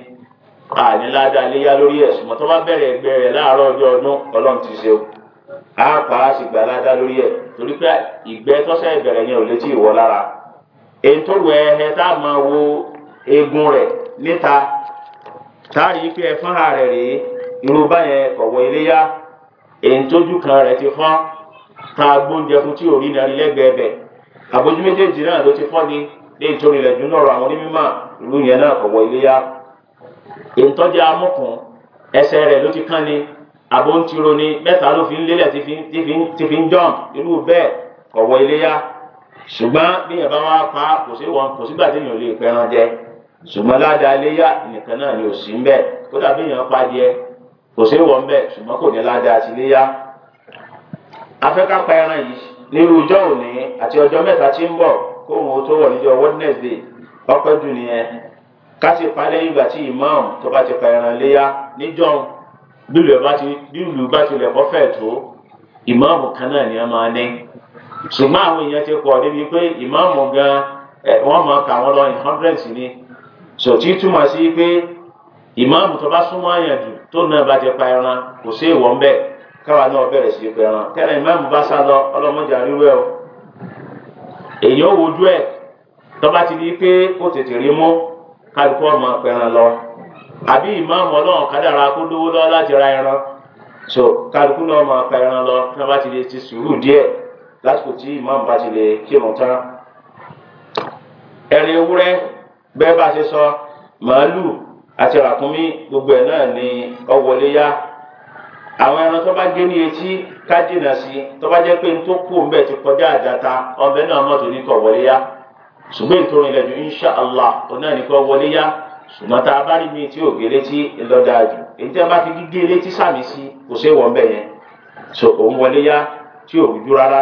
àní ládàá léyà lórí ẹ̀sùn mọ́ tó bá bẹ̀rẹ̀ ẹgbẹ́ rẹ̀ láàárọ̀ ọjọ́ ọdún ọlọ́run ti ṣe o á pa á sì gbà ládàá lórí ẹ̀ torí pé ìgbẹ́ tọ́sẹ̀ ìbẹ̀rẹ̀ yẹn ò létí ìwọ lára èyí tó wẹ̀ ẹ́ tá a máa wo eegun rẹ̀ níta táàrí pé ẹ fúnra rẹ̀ rèé irú báyẹn ọ̀wọ́ iléyà èyí tójú kan rẹ̀ ti fọ́ ta gbóúnjẹ fún tí òrí náà lẹ́gbẹ̀ẹ́ bẹ̀ àbójú méjèèjì náà ló ti fọ́ ni léyìí tó rinlẹ̀ jù lọ́rọ̀ àwọn onímọ̀ irú yẹn náà ọ̀wọ́ iléyà èyí tọ́jú amúkùn ẹsẹ̀ rẹ̀ ló ti kán ni àbó ń tiro ni mẹ́ta ló fi ń lélẹ̀ tí fi ń jọ̀m irú bẹ́ẹ̀ ọ̀wọ́ iléyà ṣùgbọ́n bí yẹn bá wá pa kò sí wọn kò sígbà tí lè pẹran jẹ ṣùgbọ́n ládàá iléyà nìkan náà ni ò sí ń bẹ́ẹ̀ kódà bí yẹn pa díẹ̀ kò sí wọ́n bẹ́ẹ̀ ṣùgbọ́n kò ní ládàá àti léyà afẹ́kápá ẹran yìí nírú ọjọ́ òní àti ọjọ́ mẹ́ta tí ń bọ̀ kó òun tó wọ̀ níjọ́ Wednesday ọpẹ́ jù nìyẹn ká sì ìgbà tí imam tó bá ti pa ẹran léyà níjọ́ bílù bá ti bílù bá ti lẹ̀kọ́ fẹ̀ tó imam kan náà ni a máa ní ṣùgbọ́n àwọn èèyàn ti pọ̀ débi pé imam gan wọ́n máa kà wọ́n lọ in hundreds ni so sí pé ìmáàmù tó bá súnmọ́ àyàn jù tó náà bá jẹ pa ẹran kò sí ìwọ̀ ńbẹ káwa náà bẹ̀rẹ̀ sí pa ẹran tẹ́lẹ̀ ìmáàmù bá sá lọ ọlọ́mọdé àríwá ẹ̀ o èyí ó wojú ẹ̀ tó bá ti di pé ó tètè rí mú kálukú ọmọ pẹran lọ àbí ìmáàmù ọlọ́run kádàrá kó lówó lọ láti ra ẹran so kálukú náà máa pa ẹran lọ tó bá ti lè ti sùúrù díẹ̀ lásìkò tí ìmáàmù bá ti lè kírun tán màálù àti ràkúnmí gbogbo ẹ̀ náà ni ọ̀wọ́lé yá àwọn ẹran tó bá gé ní etí ká dènà sí tó bá jẹ́ pé tó kú ń bẹ̀ ti kọjá àjàta ọbẹ̀ náà mọ̀tò ní kọ̀ wọlé yá ṣùgbọ́n ìtòrò ìlẹ̀jù insha allah òun náà ní kọ̀ wọlé yá ṣùgbọ́n tá a bá rí mi tí ò gé létí lọ́dà jù èyí tí a bá fi gé létí sàmì sí kò sí ìwọ̀n bẹ̀ yẹn so òun wọlé yá tí ò rújú rárá.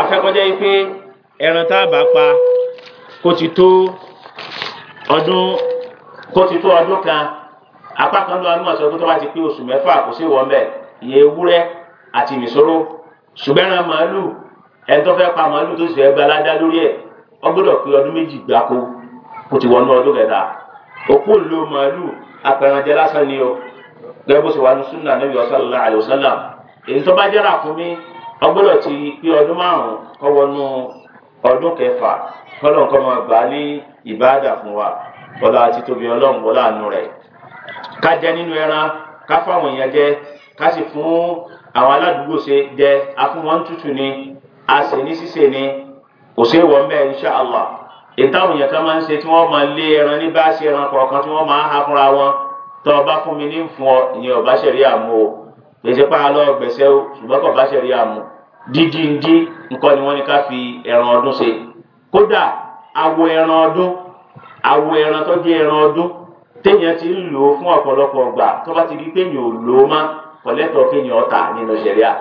afẹ́kọ́jẹ́ yìí pé ẹran tá a bá pa kó ti tó ọdún kó ti tó ọdún kan apá kan ló anú ọ̀sẹ̀ tó bá ti pé oṣù mẹ́fà kò sí wọ́n bẹ̀ ìyẹn ewúrẹ́ àti ìmìsòro ṣùgbẹ́ràn màálù ẹni tó fẹ́ pa màálù tó sì fẹ́ gba aládá lórí ẹ̀ ó gbọ́dọ̀ pé ọdún méjì gbáko kó ti wọnú ọdún kẹta òkú òǹlo màálù apẹranjẹ lásán ni o gẹ́gẹ́ bó ṣe wà ní sunna Nabi sallallahu alaihi wasallam èyí tó bá jẹ́rà fún mi ó gbọ́dọ̀ ti pé ọdún márùn-ún kó wọnú ọdún kẹfà kọ́lọ̀ máa gbà á ní ìbáàdà fún wa ọlá àti tóbi ọlọ́run wọlá àánú rẹ̀ ká jẹ nínú ẹran ká fáwọn èèyàn jẹ ká sì fún àwọn aládùúgbò ṣe jẹ afúnwọn tútù ni a sì ní ṣíṣe ni kò sí ìwọ mbẹ insha allah ìtàwọn èèyàn kan máa ń ṣe tí wọ́n máa ń lé ẹran ní bá ṣe ẹran kọ̀ọ̀kan tí wọ́n máa ń ha fúnra wọn tọ ọba fún mi ní fún ọ ìyẹn ọba ṣẹlẹ àmú o gbèsè pa alọ gbèsè o ṣùgbọ́n kọ ọba ṣẹlẹ àmú dídí nǹkan ni wọ́n ní ká fi ẹran ọdún ṣe kódà awo ẹran ọdún awo ẹran tó ẹran ọdún ti ń lò ó fún ọ̀pọ̀lọpọ̀ ọgbà tó bá ti di téèyàn ò lò ó má kọ̀lẹ́tọ̀ kéèyàn ọ̀tà nínú ṣẹ̀ríà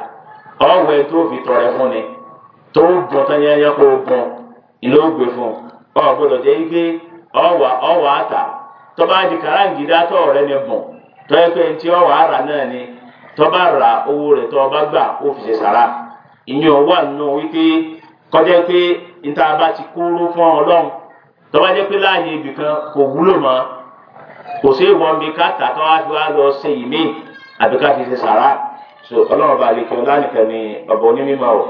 ọ̀wẹ́ tó fi tọrẹ fún ni tó gbọ̀n tán yẹn yẹn kó gbọ̀n ìlú ó gbé fún ọ jẹ́ ọ̀wà ọ̀wà àtà tó bá di kàráǹgídá tó ọ̀rẹ́ ni tó yẹ pé ni tó bá ra owó rẹ̀ tó bá gbà ó fi ṣe sàrà ìyẹn wà kọjá pé níta bá ti kúrú fún ọlọ́run tọ́ba jẹ́ pé láàyè ibì kan kò wúlò mọ́ kò sí ìwọ̀n bí ká tà káwá fi wá lọ sí ìmí àbí ká fi ṣe sàrà so ọlọ́run bá lè kí ọlá nìkan ni ọ̀bọ onímọ̀ o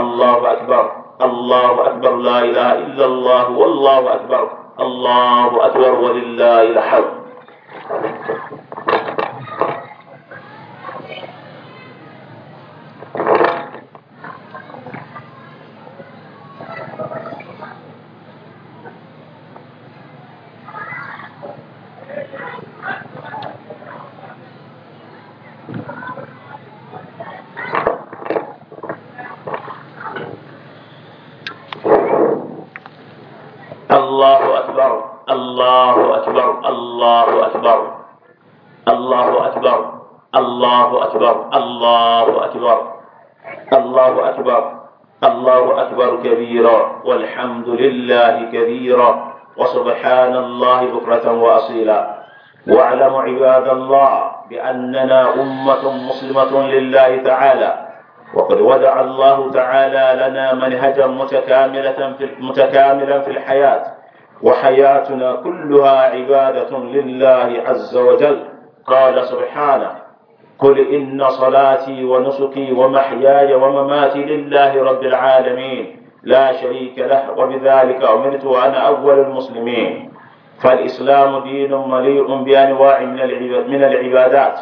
Allahu akbar Allahu akbar la ilaha illallah wallahu akbar Allahu akbar wa lillahi alhamd. الله أكبر الله أكبر الله أكبر كبيرا والحمد لله كبيرا وسبحان الله بكرة وأصيلا واعلم عباد الله بأننا أمة مسلمة لله تعالى وقد ودع الله تعالى لنا منهجا متكاملة في متكاملا في الحياة وحياتنا كلها عبادة لله عز وجل قال سبحانه قل إن صلاتي ونسكي ومحياي ومماتي لله رب العالمين لا شريك له وبذلك أمرت وأنا أول المسلمين فالإسلام دين مليء بأنواع من العبادات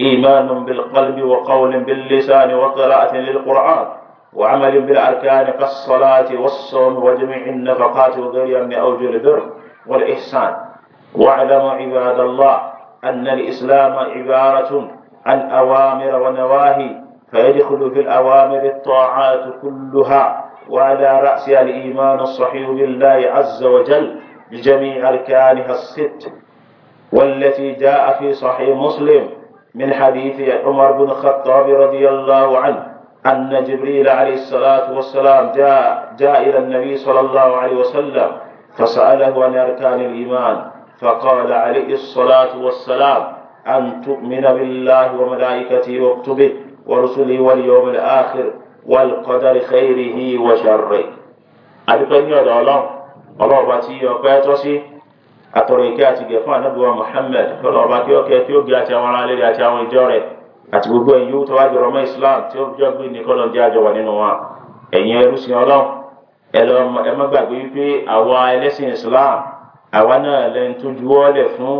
إيمان بالقلب وقول باللسان وقراءة للقرآن وعمل بالأركان كالصلاة والصوم وجميع النفقات وغيرها من أوجه البر والإحسان واعلموا عباد الله أن الإسلام عبارة الأوامر والنواهي فيدخل في الأوامر الطاعات كلها وعلى رأسها الإيمان الصحيح بالله عز وجل بجميع أركانها الست والتي جاء في صحيح مسلم من حديث عمر بن الخطاب رضي الله عنه أن جبريل عليه الصلاة والسلام جاء, جاء إلى النبي صلى الله عليه وسلم فسأله عن أركان الإيمان فقال عليه الصلاة والسلام أن تؤمن بالله وملائكته وكتبه ورسله واليوم الآخر والقدر خيره وشره أدقني يا الله الله باتي يوكاتوسي atọrọ ìkẹ́ àti ìgẹ̀ fún anábìwá Muhammad lọ́nà ọba kí ọkẹ́ tí ó gbé àti àwọn aráàlẹ́ rẹ̀ àti àwọn ìjọ rẹ̀ àti gbogbo ẹ̀yin yóò tọ́wájú ọmọ Islam tí ó jọ gbé nìkan lọ́n jẹ́ àjọ wà nínú wa ẹ̀yin ẹrú sí Ọlọ́run ẹ má gbàgbé wípé àwa ẹlẹ́sìn Islam àwa náà lẹ́ni tó juwọ́ lẹ̀ fún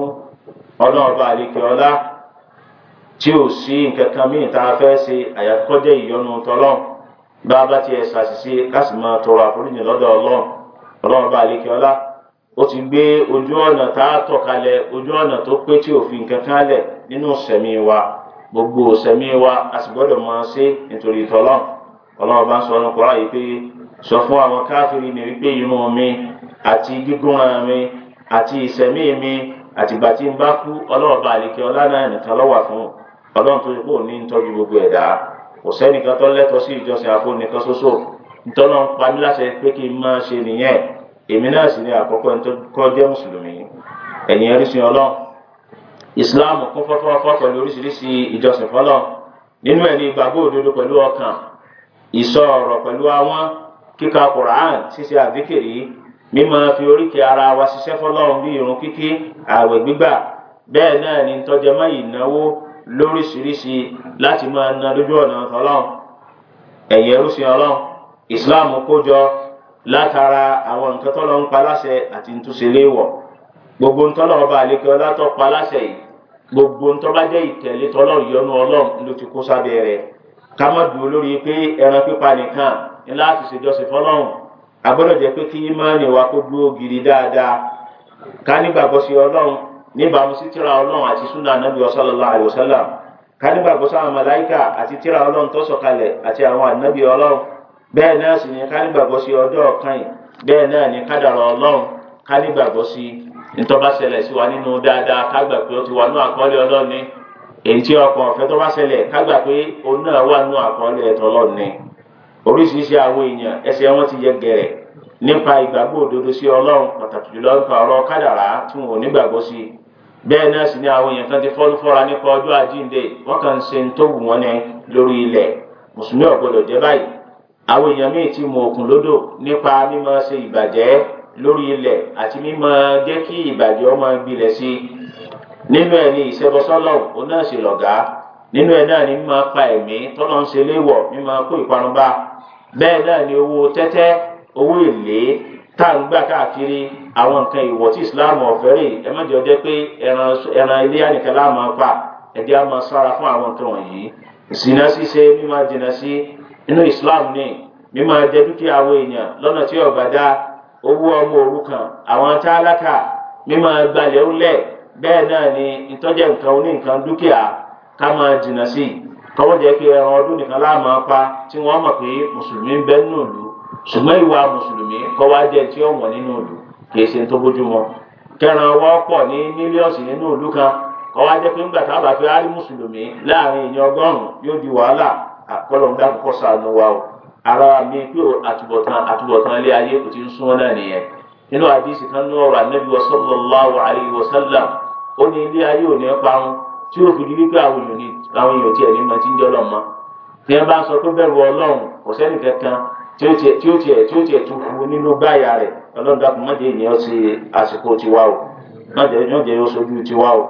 ọlọ́ọ̀bá àríkẹ́ọ́lá tí ò sí nǹkan kan míì tá a fẹ́ ṣe àyàkọ́jẹ́ ìyọnu tọ́lọ́n bá a bá ti ẹ̀sà ṣiṣẹ́ káṣí máa tọrọ àforíjì lọ́dọ̀ ọlọ́run ọlọ́ọ̀bá àríkẹ́ọ́lá ó ti gbé ojú ọ̀nà tá a tọ̀ kalẹ̀ ojú ọ̀nà tó pé tí òfin nǹkan kan lẹ̀ nínú sẹ̀mí wa gbogbo sẹ̀mí wa a sì gbọ́dọ̀ máa ṣe nítorí tọ́lọ́n ọlọ́run sọ ọ̀run kọ́ra yìí pé sọ fún àwọn káfíìrì mi wípé irun mi àti gígúnra mi àti ìsẹ̀mí mi àtìgbà tí n bá kú ọlọ́run bá àlekè ọlá náà nìkan lọ́wà fún ọlọ́run tó yẹ kó ní ń tọ́jú gbogbo ẹ̀dá kò sẹ́nìkan tó lẹ́tọ̀ọ́ sí ìjọsìn àfọ̀nìkan ṣoṣo ntọ́nà ń pa mí láṣẹ pé kí n máa ṣe nìyẹn èmi náà sì ni àkọ́kọ́ kọ́ jẹ́ mùsùlùmí ẹ̀yìn ẹ̀rísìn ọlọ́run islam kún fọ́fọ́fọ́ pẹ̀lú oríṣiríṣi ìjọsìn fọlọ́ nínú ẹ̀ ní ìgbàgbọ́ òdodo pẹ̀lú ọkàn ìsọ ọ̀rọ̀ pẹ̀lú àwọn kíka quran ṣíṣe mímọ fi oríkèé ara wa ṣiṣẹ́ fọlọ́run bí irun kíkí ààwẹ̀ gbígbà bẹ́ẹ̀ náà ni tọ́jẹ́mọ́ ìnáwó lóríṣiríṣi láti máa na lójú ọ̀nà ọlọ́run ẹ̀yẹ rúṣin ọlọ́run islam kójọ látara àwọn nǹkan tọ́lọ́ ń paláṣẹ àti ntúnṣe léèwọ̀ gbogbo ntọ́lọ́ ọba àlekè ọlá tó paláṣẹ yìí gbogbo ntọ́ba jẹ́ ìtẹ̀lé tọ́lọ́ ìyọnu ọlọ́run ló ti kó sábẹ́ rẹ̀ ká má dúró lórí pé ẹran pípa nìkan ńlá àti ṣèjọsìn fọlọ́run agbọ́dọ̀ jẹ́ pé kí ìmánì wa kó dúró gidi dáadáa ká nígbàgbọ́ sí ọlọ́run níbàámu sí tíra ọlọ́run àti súnà anábì sallallahu alaihi wasallam ká nígbàgbọ́ sáwọn màláìkà àti tíra ọlọ́run tó sọ̀kalẹ̀ àti àwọn anábì ọlọ́run bẹ́ẹ̀ náà sì ni ká nígbàgbọ́ sí ọjọ́ ọ̀kan yìí bẹ́ẹ̀ náà ni kádàrá ọlọ́run ká nígbàgbọ́ sí ntọ́ba ṣẹlẹ̀ sí wa nínú dáadáa ká gbà pé ó ti wà ní àkọọ́lẹ̀ ọlọ́run ni èyí tí ọkàn ọ̀fẹ́ tó bá ṣẹlẹ̀ ká gbà oríṣiríṣi àwọn èèyàn ẹsẹ̀ wọn ti yẹ gẹ̀rẹ̀ nípa ìgbàgbọ́ òdodo sí ọlọ́run pàtàkì jùlọ nípa ọ̀rọ̀ kádàrá tí wọn ò nígbàgbọ́ sí i bẹ́ẹ̀ náà sì ni àwọn èèyàn kan ti fọ́lú fọ́ra nípa ọjọ́ àjíǹde wọ́n kàn ń ṣe ń tó wù wọ́n ní lórí ilẹ̀ mùsùlùmí ọ̀gbọ́dọ̀ jẹ́ báyìí àwọn èèyàn míì ti mọ òkun lódò nípa mímọ ṣe ìbàjẹ́ lórí ilẹ̀ àti mímọ jẹ́ kí ìbàjẹ́ ọmọ gbilẹ̀ sí i nínú ẹ̀ ní ìṣẹ́bọsọ́lọ̀ òun náà sì lọ̀gá nínú ẹ̀ náà ní mímọ pa ẹ̀mí tọ́lọ́ ń ṣe léwọ̀ mímọ kó ìparun bá bẹ́ẹ̀ náà ni owó tẹ́tẹ́ owó èlé tá à ń gbà káàkiri àwọn nǹkan ìwọ̀ tí islam ọ̀fẹ́ rè ẹ má jẹ́ ọjọ́ pé ẹran ilé ànìkan láàmú pa ẹ̀dí àmọ́ sára fún àwọn nǹkan wọ̀nyí ìsìnà ṣíṣe mímọ jìnnà sí inú islam ní mímọ jẹ dúkìá àwọn èèyàn lọ́nà tí ọ̀gbà dá owó ọmọ òrukàn àwọn tálákà mímọ gbalẹ̀ ńlẹ̀ bẹ́ẹ̀ náà ni ìtọ́jẹ̀ nǹkan oní nǹkan dúkìá ká máa jìnnà sí tọwọ́ jẹ́ pé ẹran ọdún nìkan láàmú apá tí wọ́n mọ̀ pé mùsùlùmí ń bẹ nínú ìlú ṣùgbọ́n ìwà mùsùlùmí kọ́ wá jẹ́ tí ọ̀wọ́n nínú ìlú kìí ṣe tó bójúmọ́ kẹran wọ́n pọ̀ ní mílíọ̀sì nínú ìlú kan kọ́ wá jẹ́ pé ńgbà táwọn bá fi árí mùsùlùmí láàrin èèyàn ọgọ́rùn-ún yóò di wàhálà àkọlọ̀ ń dákú kọ́ sànù wa o ara mi pé àtúbọ̀tán àtúbọ̀tán ilé ayé kò ti ń sún náà nìyẹn nínú àdìsí kan ní ọ̀rọ̀ wasallam ó ní ilé ayé ò tí yóò fi di wípé àwọn èèyàn ni àwọn èèyàn tiẹ̀ ní ma ti ń jẹ́ ọlọ́run ma tí wọ́n bá sọ pé bẹ̀rù ọlọ́run kò sẹ́ni kankan tí ó tiẹ̀ tí ó tiẹ̀ tún nínú gbáyà rẹ̀ ọlọ́run dákun ènìyàn àsìkò tiwa o má jẹ́ tiwa o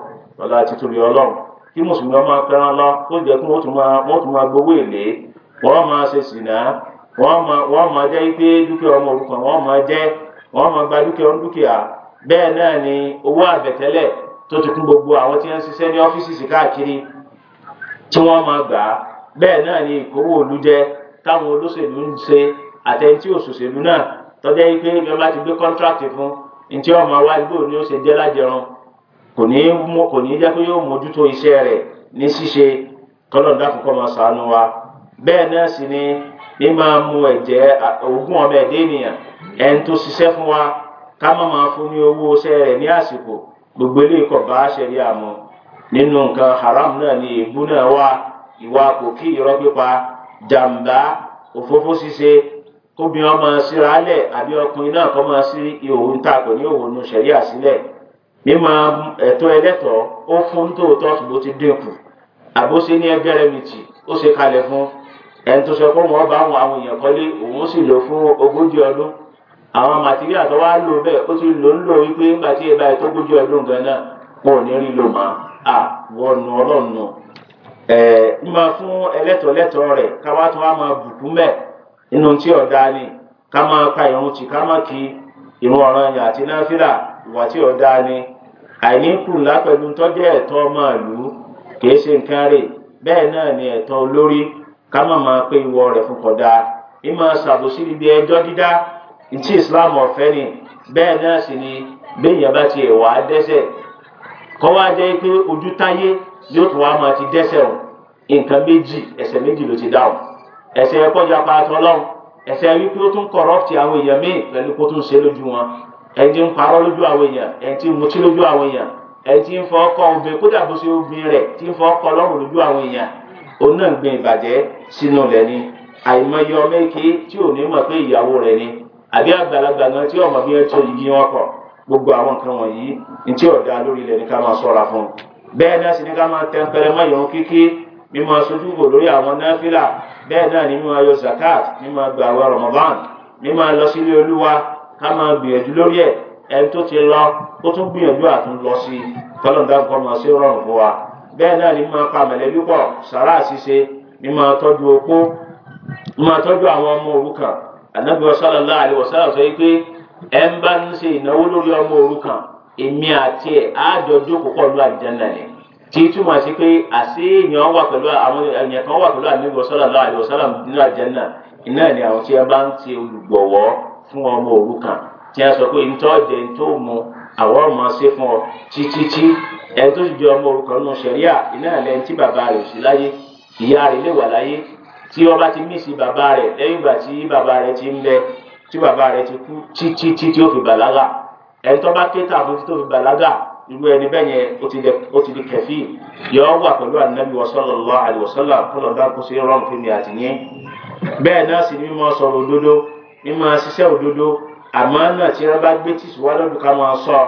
àti tóbi ọlọ́run kí mùsùlùmí ọmọ akẹ́rán lọ jẹ́ wọ́n tún máa gbowó èlé wọ́n máa ṣe sìnà wọ́n máa jẹ́ dúkìá ọmọ gba dúkìá dúkìá bẹ́ẹ̀ náà ni owó àbẹ̀tẹ́lẹ̀ tó ti kún gbogbo àwọn tí wọ́n ń ṣiṣẹ́ ní ọ́fíìsì káàkiri tí wọ́n máa gbà á bẹ́ẹ̀ náà ni ìkówó òlu jẹ táwọn olóṣèlú ń ṣe àtẹ̀ntí òṣòṣèlú náà tọ́jà yìí pé ìjọba láti gbé kọ́ńtrákì fún ntí ọmọ wa igbó ni ó ṣe jẹ́ lájẹrun kò ní kò ní jẹ́ pé yóò mójútó iṣẹ́ rẹ̀ ní ṣíṣe kọ́lọ́ọ̀dá kọ́kọ́ máa ṣàánú wa bẹ́ẹ̀ náà sì ni ní máa mu ẹ̀jẹ̀ ogún ọmọ ẹ̀dẹ́ ènìyàn ẹni tó ṣiṣẹ́ fún wa ká má máa fún ní owó iṣẹ́ rẹ̀ ní àsìkò gbogbo eléyìí kò bá ṣẹlẹ àmọ nínú nǹkan haram náà ni èébú náà wà ìwà kòkí irọ́ pípa jàǹbá òfófó ṣíṣe kóbìnrin ọmọ síra lẹ̀ àbí ọkùnrin náà kọ́ máa sí ìhòòhò ń ta kò ní òhò nu ṣẹ̀ríà sílẹ̀ mímọ ẹ̀tọ́ ẹlẹ́tọ̀ọ́ ó fún tòótọ́ ṣùgbọ́n ti dínkù àbóṣe ní ẹgbẹ́rẹ́ mìtì ó ṣe kalẹ̀ fún ẹni tó sọ pé wọ́n bá àwọn èèyàn kọ́lé òun sì lò fún ogójì ọdún àwọn màtíríà tó wá lò bẹẹ ó ti lò ń lò wípé nígbà tí ẹ báyìí tó gbójú ọdún gan náà wọn ò ní rí lò mọ́ à wọnú Ẹ ní fún ẹlẹ́tọ̀ọ́lẹ́tọ̀ọ́ rẹ̀ káwá tó wá máa bùkún mẹ́ inú tí ni ká máa ka ìrun tì ká máa kí ìrun ọ̀ràn yà àti náfìlà ìwà tí ni àìní pẹ̀lú ìtí islam ọ̀fẹ́ ni bẹ́ẹ̀ náà sì ni béèyàn bá ti wà á dẹ́sẹ̀ kọ́ wá jẹ́ pé ojú táyé yóò tún wá máa ti dẹ́sẹ̀ o nǹkan méjì ẹ̀ṣẹ̀ méjì ló ti dá o ẹ̀ṣẹ̀ ẹ̀kọ́ japa àtọ́lọ́run ẹ̀ṣẹ̀ wípé ó tún kọ̀rọ́pùtì àwọn èèyàn míì pẹ̀lú kó tún ṣe lójú wọn ẹni tí ń parọ́ lójú àwọn èèyàn ẹni tí ń mutí lójú àwọn èèyàn ẹni tí ń fọ ọkọ obìnrin kódà bó ṣe obìnrin rẹ̀ tí ń fọ ọkọ ọlọ́run ni àbí àgbàlagbà náà tí ọmọ bí ẹ tó igi wọn kọ gbogbo àwọn nǹkan wọ̀nyí ní tí ọ̀dà lórí ilẹ̀ ní ká máa sọ̀ra fún un bẹ́ẹ̀ náà sì ní ká máa tẹ́ńpẹ́rẹ́ mọ́ ìrun kíkí mímọ sojú bò lórí àwọn náfìlà bẹ́ẹ̀ náà ní mímọ ayọ zakat mímọ gba àwọn Ramadan mímọ lọ sílé olúwa ká máa gbìyànjú lórí ẹ̀ ẹni tó ti lọ ó tún gbìyànjú àtún lọ sí i tọ́lọ́dá nǹkan máa ṣe rọrùn fún wa bẹ́ẹ̀ náà ní máa pa mẹ̀lẹ́bí pọ̀ sàrà àṣìṣe ní tọ́jú opó ní tọ́jú àwọn ọmọ òrukàn anabi sallallahu alaihi wasallam sọ yìí pé ẹ ń bá ń ṣe ìnáwó lórí ọmọ òrukàn èmi àti ẹ àjọ jókòó pọ̀ ló àjẹnà ni tí túmọ̀ sí pé àṣé èèyàn wà pẹ̀lú àwọn èèyàn kan wà pẹ̀lú anabi sallallahu alaihi wasallam nínú àjẹnà iná ni àwọn tí ẹ bá ń ṣe olùgbọ̀wọ́ fún ọmọ òrukàn tí a sọ pé ntọ́ jẹ ntọ́ mu àwọn ọmọ ṣe fún ọ títítí ẹni tó sì jẹ ọmọ òrukàn nù sẹ̀ríà iná ẹ̀ lẹ́yìn tí bàbá rẹ̀ sí láyé ìyá tí ọba ti mí sí bàbá rẹ̀ lẹ́yìn ìgbà tí bàbá rẹ̀ ti ń bẹ tí bàbá rẹ̀ ti kú títí títí ó fi bàlágà ẹni tó bá kéta fún tó fi bàlágà irú ẹni bẹ́ẹ̀ yẹn ó ti di kẹfí yọ wà pẹ̀lú ànábi sallallahu alaihi wasallam kọlọ bá kó sí rọrùn fún mi àtìyẹn bẹ́ẹ̀ náà sì ni mímọ sọ̀rọ̀ òdodo mímọ ṣiṣẹ́ òdodo àmọ́ náà tí wọ́n bá gbé tìṣù wá lọ́dún ká máa sọ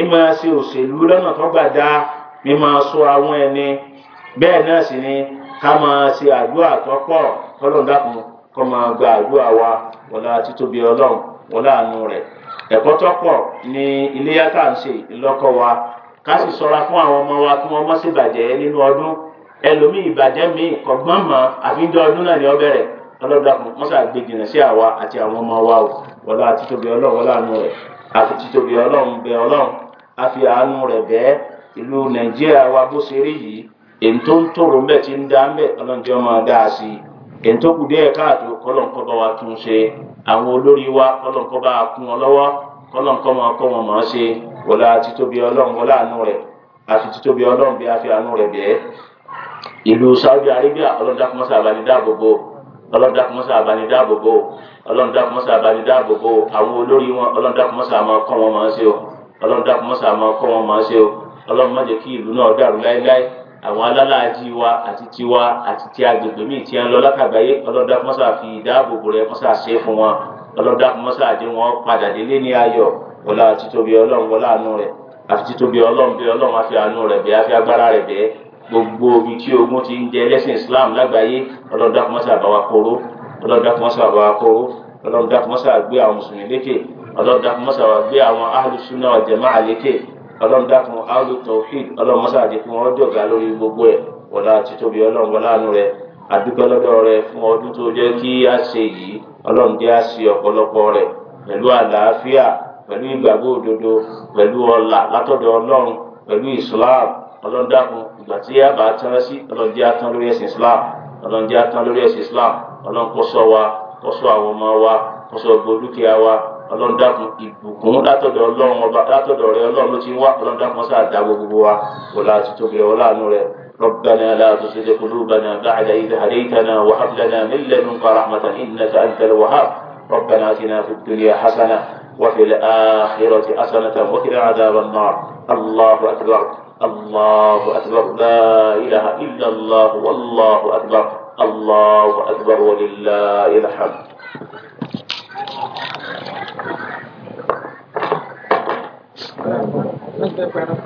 ìmọ̀ ṣe òṣèlú lọ́nà tó gbà dá mímọ sọ àwọn ẹni bẹ́ẹ̀ náà sì ni ká máa ṣe àdúrà tọ́pọ̀ kọ́lọ́n dákun kọ́ máa gba àdúrà wa wọlá títóbi ọlọ́run wọlá àánú rẹ̀ ẹ̀kọ́ tọ́pọ̀ ni iléyà tá à ń ṣe ìlọ́kọ̀ wa ká sì sọra fún àwọn ọmọ wa kí wọ́n mọ́ sí ìbàjẹ́ nínú ọdún ẹlòmíì ìbàjẹ́ mi kọ̀gbọ́n mọ́ àfihàn ọdún náà ni ó bẹ̀rẹ̀ ọlọ́dàkùn mọ́sá gbé jìnnà sí àwa àti àwọn ọmọ wa o wọlá títóbi ọlọ́run wọlá àánú rẹ̀ àfi títóbi ọlọ́run bẹ ọlọ́run àfi àánú rẹ̀ bẹ́ẹ̀ ìlú nàìjíríà wa bó ṣe rí yìí èyí tó ń tòrò ń bẹ̀ tí ń dá ń bẹ̀ ọlọ́njẹ́ ọmọ dá a sí wa tún ṣe àwọn olórí wa kọ́lọ́nkọ́ bá a kún wọn lọ́wọ́ kọ́lọ́nkọ́ máa kọ́ wọn máa ṣe wọlá títóbi ọlọ́run wọlá àánú rẹ̀ àti títóbi ọlọ́run bí a fi àánú rẹ̀ bẹ́ẹ̀ ìlú Saudi Arabia ọlọ́dàkùnmọ́sá àbánidáàbòbò ọlọ́dàkùnmọ́sá àbánidáàbòbò ọlọ́dàkùnmọ́sá àbánidáàbòbò àwọn olórí wọn ọlọ́dàkùnmọ́sá máa kọ́ wọn máa ṣe o ọlọ́dàkùnmọ́sá máa kọ́ wọn máa ṣe o ọlọ́run má kí ìlú náà dàrú láéláé àwọn alálàájì wa àti tiwa àti ti agbègbè míì tí a ń lọ lákàgbáyé ọlọ́dà kọ́mọ́sà fi ìdáàbòbò rẹ̀ kọ́mọ́sà ṣe fún wọn ọlọ́dà kọ́mọ́sà dé wọn padà délé ní ayọ̀ ọlá títóbi ọlọ́run wọlá àánú rẹ̀ àfi títóbi ọlọ́run bí ọlọ́run àfi àánú rẹ̀ bẹ́ẹ̀ àfi agbára rẹ̀ bẹ́ẹ̀ gbogbo omi tí ogun ti ń jẹ ẹlẹ́sìn Islam lágbàáyé ọlọ́dà kọ́mọ́sà bá wa kóró ọlọ́dà kọ́mọ́sà bá wa kóró ọlọ́dà kọ́mọ́sà gbé àwọn mùsùlùmí lékè ọlọ́dà kọ́mọ́sà gbé àwọn ahlùsùnà ọlọ́run dákun áwùjọ tawhid ọlọ́run mọ́sáàjì fún wọn jọ̀gá lórí gbogbo ẹ̀ wọlá títóbi ọlọ́run wọlá àánú rẹ̀ àdúgbò lọ́dọ̀ rẹ̀ fún ọdún tó jẹ́ kí á ṣe yìí ọlọ́run jẹ́ á ṣe ọ̀pọ̀lọpọ̀ rẹ̀ pẹ̀lú àlàáfíà pẹ̀lú ìgbàgbọ́ òdodo pẹ̀lú ọlà látọ̀dọ̀ ọlọ́run pẹ̀lú islam ọlọ́run dákun ìgbà tí a bá tán sí ọlọ́run jẹ́ á tán lórí ẹ̀sìn islam ọlọ́run jẹ́ á tán lórí ẹ̀sìn islam ọlọ́run kó ṣọ́ wa kó ṣọ́ àwọn ọlọ́run dákun ìbùkún látọ̀dọ̀ ọlọ́run ọba látọ̀dọ̀ rẹ ọlọ́run ló ti ń wá ọlọ́run dákun mọ́sá àdá gbogbo wa wọlá àti tóbi ọlá àánú rẹ ربنا لا تزغ قلوبنا بعد إذ هديتنا وهب لنا من لدنك رحمة إنك أنت الوهاب ربنا آتنا في الدنيا حسنة وفي الآخرة حسنة وقنا عذاب النار الله أكبر الله أكبر لا إله إلا الله والله أكبر الله أكبر ولله الحمد That's good, brother.